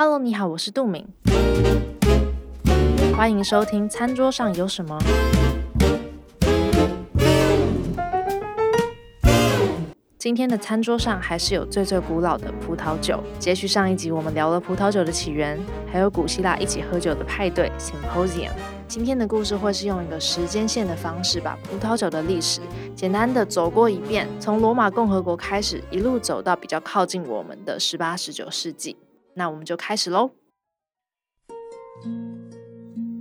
Hello，你好，我是杜明，歡迎收聽《餐桌上有什麼》。今天的餐桌上還是有最最古老的葡萄酒。接續上一集，我們聊了葡萄酒的起源，還有古希臘一起喝酒的派對 Symposium。今天的故事會是用一個時間線的方式，把葡萄酒的歷史簡單地走過一遍，從羅馬共和國開始，一路走到比較靠近我們的十八、十九世紀。那我們就開始嘍。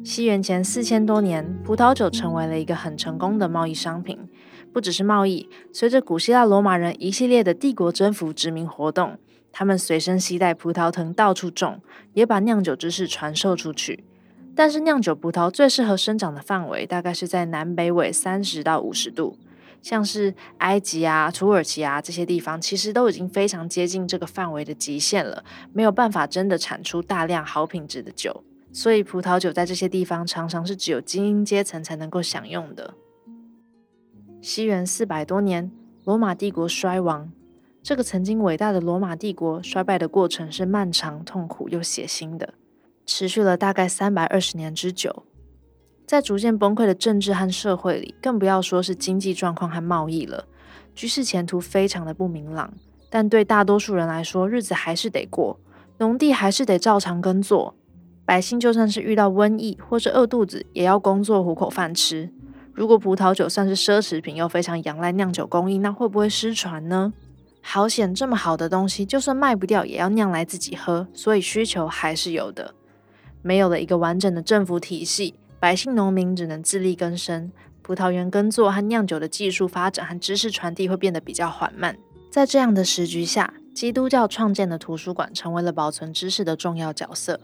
西元前四千多年，葡萄酒成為了一個很成功的貿易商品。不只是貿易，隨着古希臘羅馬人一系列的帝國征服、殖民活動，他們隨身攜帶葡萄藤到處種，也把釀酒知識傳授出去。但是，釀酒葡萄最適合生長的範圍，大概是在南北緯三十到五十度。像是埃及啊、土耳其啊，這些地方，其實都已經非常接近這個範圍的極限了，沒有辦法真的產出大量好品質的酒，所以葡萄酒在這些地方常常是只有精英階層才能夠享用的。西元四百多年，羅馬帝國衰亡。這個曾經偉大的羅馬帝國衰敗的過程是漫長、痛苦又血腥的，持續了大概三百二十年之久。在逐漸崩潰的政治和社會裡，更不要說是經濟狀況和貿易了，局勢前途非常的不明朗。但對大多數人來說，日子還是得過，農地還是得照常耕作，百姓就算是遇到瘟疫或者餓肚子，也要工作糊口飯吃。如果葡萄酒算是奢侈品，又非常仰賴釀酒工藝，那會不會失傳呢？好險，這麼好的東西，就算賣不掉，也要釀來自己喝，所以需求還是有的。沒有了一個完整的政府體系。百姓農民只能自力更生，葡萄園耕作和釀酒的技術發展和知識傳遞會變得比較緩慢。在這樣的時局下，基督教創建的圖書館成為了保存知識的重要角色。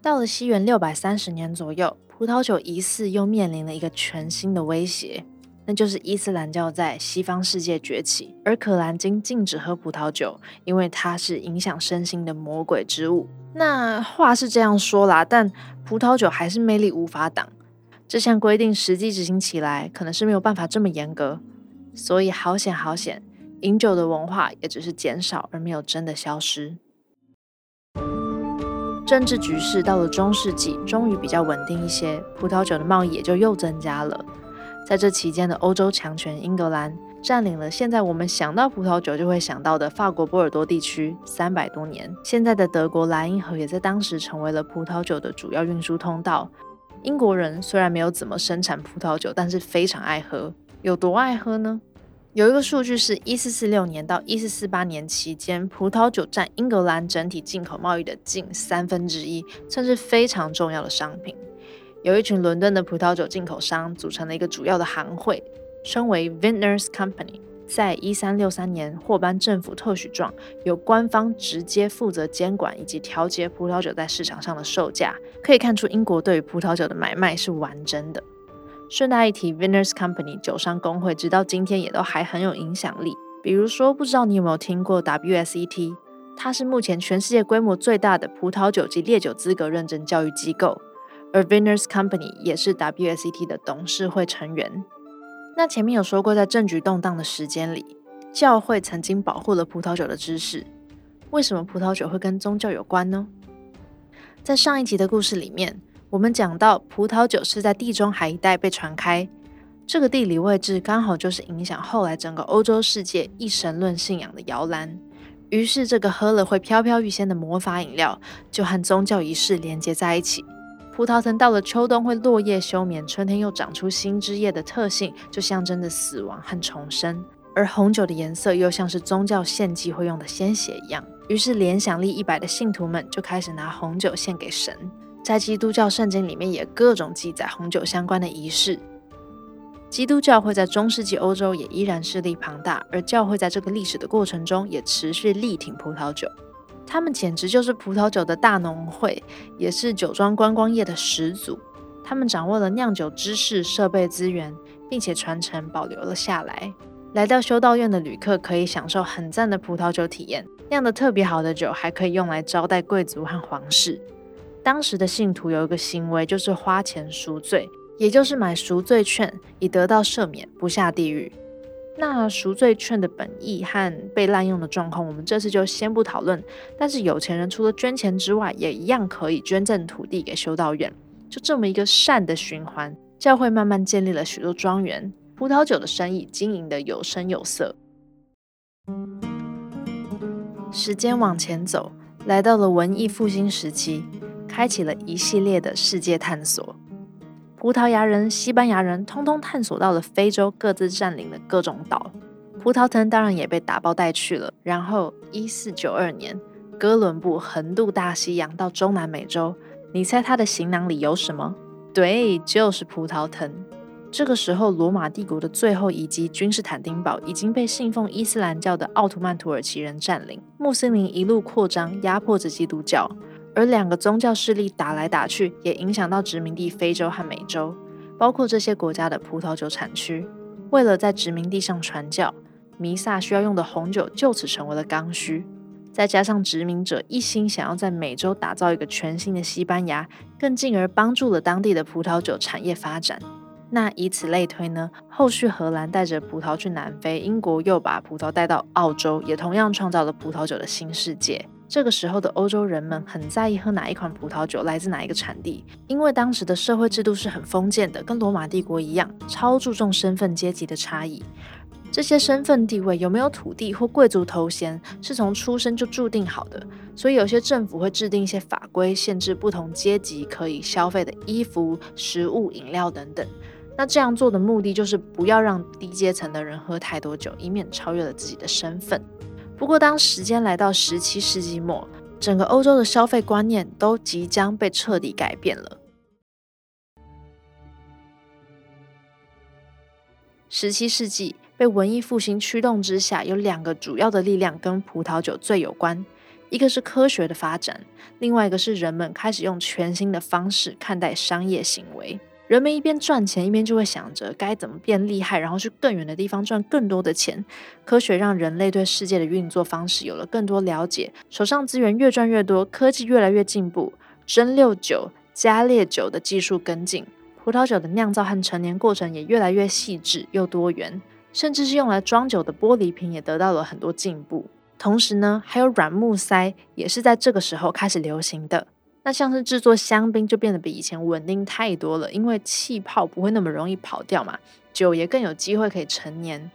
到了西元六百三十年左右，葡萄酒疑似又面臨了一個全新的威脅，那就是伊斯蘭教在西方世界崛起，而可蘭經禁止喝葡萄酒，因為它是影響身心的魔鬼之物。那話是這樣說啦，但葡萄酒還是魅力無法擋。這項規定實際執行起來，可能是沒有辦法這麼嚴格，所以好險好險，飲酒的文化也只是減少而沒有真的消失。政治局勢到了中世紀，終於比較穩定一些，葡萄酒的貿易也就又增加了。在這期間的歐洲強權，英格蘭。占領了現在我們想到葡萄酒就會想到的法國波爾多地區三百多年。現在的德國萊茵河也在當時成為了葡萄酒的主要運輸通道。英國人雖然沒有怎麼生產葡萄酒，但是非常愛喝。有多愛喝呢？有一個數據是：一四四六年到一四四八年期間，葡萄酒占英格蘭整體進口貿易的近三分之一，算是非常重要的商品。有一群倫敦的葡萄酒進口商組成了一個主要的行會。稱為 Vintners Company，在一三六三年獲頒政府特許狀，由官方直接負責監管以及調節葡萄酒在市場上的售價。可以看出，英國對於葡萄酒的買賣是完整的。順帶一提 Vintners Company 酒商公會直到今天也都還很有影響力。比如說，不知道你有沒有聽過 WSET，它是目前全世界規模最大的葡萄酒及烈酒資格認證教育機構，而 Vintners Company 也是 WSET 的董事會成員。那前面有說過，在政局動盪的時間裡，教會曾經保護了葡萄酒的知識。為什麼葡萄酒會跟宗教有關呢？在上一集的故事裡面，我們講到葡萄酒是在地中海一帶被傳開，這個地理位置剛好就是影響後來整個歐洲世界一神論信仰的搖籃。於是，這個喝了會飄飄欲仙的魔法飲料，就和宗教儀式連接在一起。葡萄藤到了秋冬會落葉休眠，春天又長出新枝葉的特性，就象徵着死亡和重生。而紅酒的顏色又像是宗教獻祭會用的鮮血一樣，於是聯想力一百的信徒們就開始拿紅酒獻給神。在基督教聖經裡面也各種記載紅酒相關的儀式。基督教會在中世紀歐洲也依然勢力龐大，而教會在這個歷史的過程中也持續力挺葡萄酒。他們簡直就是葡萄酒的大農會，也是酒莊觀光業的始祖。他們掌握了釀酒知識、設備資源，並且傳承保留了下來。來到修道院的旅客可以享受很讚的葡萄酒體驗，釀得特別好的酒還可以用來招待貴族和皇室。當時的信徒有一個行為，就是花錢贖罪，也就是買贖罪券，以得到赦免，不下地獄。那贖罪券的本意和被濫用的狀況，我們這次就先不討論。但是有錢人除了捐錢之外，也一樣可以捐贈土地給修道院，就這麼一個善的循環，教會慢慢建立了許多莊園，葡萄酒的生意經營得有聲有色。時間往前走，來到了文藝復興時期，開啟了一系列的世界探索。葡萄牙人、西班牙人通通探索到了非洲，各自佔領的各種島。葡萄藤當然也被打包帶去了。然後，一四九二年，哥倫布橫渡大西洋到中南美洲，你猜他的行囊裡有什麼？對，就是葡萄藤。這個時候，羅馬帝國的最後遺跡君士坦丁堡已經被信奉伊斯蘭教的奧圖曼土耳其人佔領，穆斯林一路擴張，壓迫着基督教。而兩個宗教勢力打來打去，也影響到殖民地非洲和美洲，包括這些國家的葡萄酒產區。為了在殖民地上傳教，彌撒需要用的紅酒就此成為了剛需。再加上殖民者一心想要在美洲打造一個全新的西班牙，更進而幫助了當地的葡萄酒產業發展。那以此類推呢？後續荷蘭帶着葡萄去南非，英國又把葡萄帶到澳洲，也同樣創造了葡萄酒的新世界。這個時候的歐洲人們很在意喝哪一款葡萄酒來自哪一個產地，因為當時的社會制度是很封建的，跟羅馬帝國一樣，超注重身份階級的差異。這些身份地位有沒有土地或貴族頭銜，是從出生就注定好的。所以有些政府會制定一些法規，限制不同階級可以消費的衣服、食物、飲料等等。那這樣做的目的就是不要讓低階層的人喝太多酒，以免超越了自己的身份。不過，當時間來到十七世紀末，整個歐洲的消費觀念都即將被徹底改變了。十七世紀被文藝復興驅動之下，有兩個主要的力量跟葡萄酒最有關，一個是科學的發展，另外一個是人們開始用全新的方式看待商業行為。人們一邊賺錢，一邊就會想着該怎麼變厲害，然後去更遠的地方賺更多的錢。科學讓人類對世界的運作方式有了更多了解，手上資源越賺越多，科技越來越進步。蒸餾酒、加烈酒的技術跟進，葡萄酒的釀造和陳年過程也越來越細緻又多元，甚至是用來裝酒的玻璃瓶也得到了很多進步。同時呢，還有軟木塞也是在這個時候開始流行的。那像是製作香檳就變得比以前穩定太多了，因為氣泡不會那麼容易跑掉嘛，酒也更有機會可以陳年，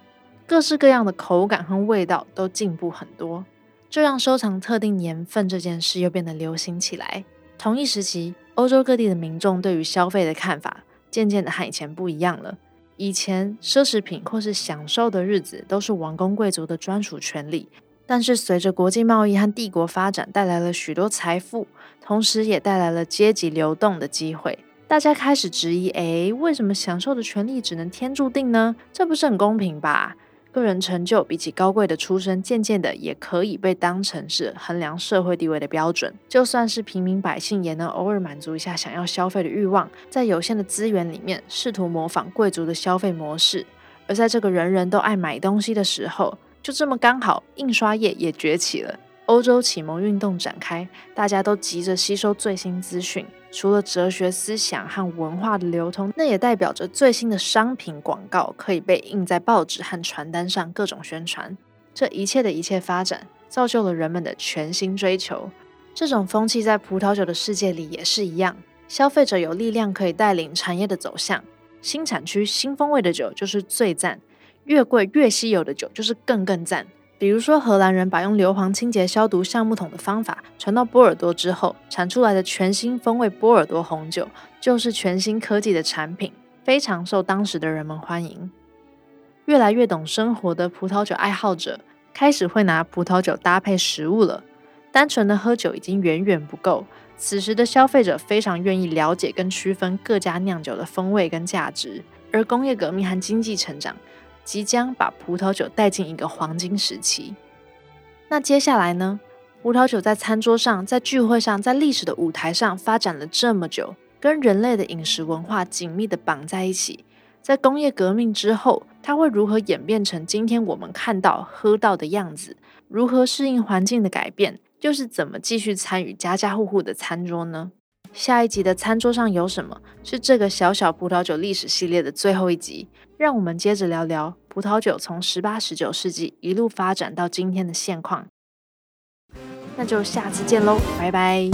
各式各樣的口感和味道都進步很多，這讓收藏特定年份這件事又變得流行起來。同一時期，歐洲各地的民眾對於消費的看法漸漸的和以前不一樣了，以前奢侈品或是享受的日子都是王公貴族的專屬權利。但是隨着國際貿易和帝國發展帶來了許多財富，同時也帶來了階級流動的機會。大家開始質疑：哎，為什麼享受的權利只能天注定呢？這不是很公平吧？個人成就比起高貴的出身，漸漸的也可以被當成是衡量社會地位的標準。就算是平民百姓，也能偶爾滿足一下想要消費的慾望，在有限的資源裡面，試圖模仿貴族的消費模式。而在這個人人都愛買東西的時候，就這麼剛好，印刷業也崛起了。歐洲啟蒙運動展開，大家都急着吸收最新資訊。除了哲學思想和文化的流通，那也代表着最新的商品廣告，可以被印在報紙和傳單上，各種宣傳。這一切的一切發展，造就了人們的全新追求。這種風氣在葡萄酒的世界裡也是一樣，消費者有力量可以帶領產業的走向。新產區、新風味的酒就是最讚。越貴越稀有的酒就是更更讚。比如說，荷蘭人把用硫磺清潔消毒橡木桶的方法傳到波爾多之後，產出來的全新風味波爾多紅酒就是全新科技的產品，非常受當時的人們歡迎。越來越懂生活的葡萄酒愛好者開始會拿葡萄酒搭配食物了，單純的喝酒已經遠遠不夠。此時的消費者非常願意了解跟區分各家釀酒的風味跟價值，而工業革命和經濟成長。即將把葡萄酒帶進一個黃金時期。那接下來呢？葡萄酒在餐桌上，在聚會上，在歷史的舞台上發展了這麼久，跟人類的飲食文化緊密地綁在一起。在工業革命之後，它會如何演變成今天我們看到喝到的樣子？如何適應環境的改變？又是怎麼繼續參與家家戶戶的餐桌呢？下一集的餐桌上有什麼？是這個小小葡萄酒歷史系列的最後一集。讓我們接着聊聊葡萄酒從十八、十九世紀一路發展到今天的現況。那就下次見嘍，拜拜。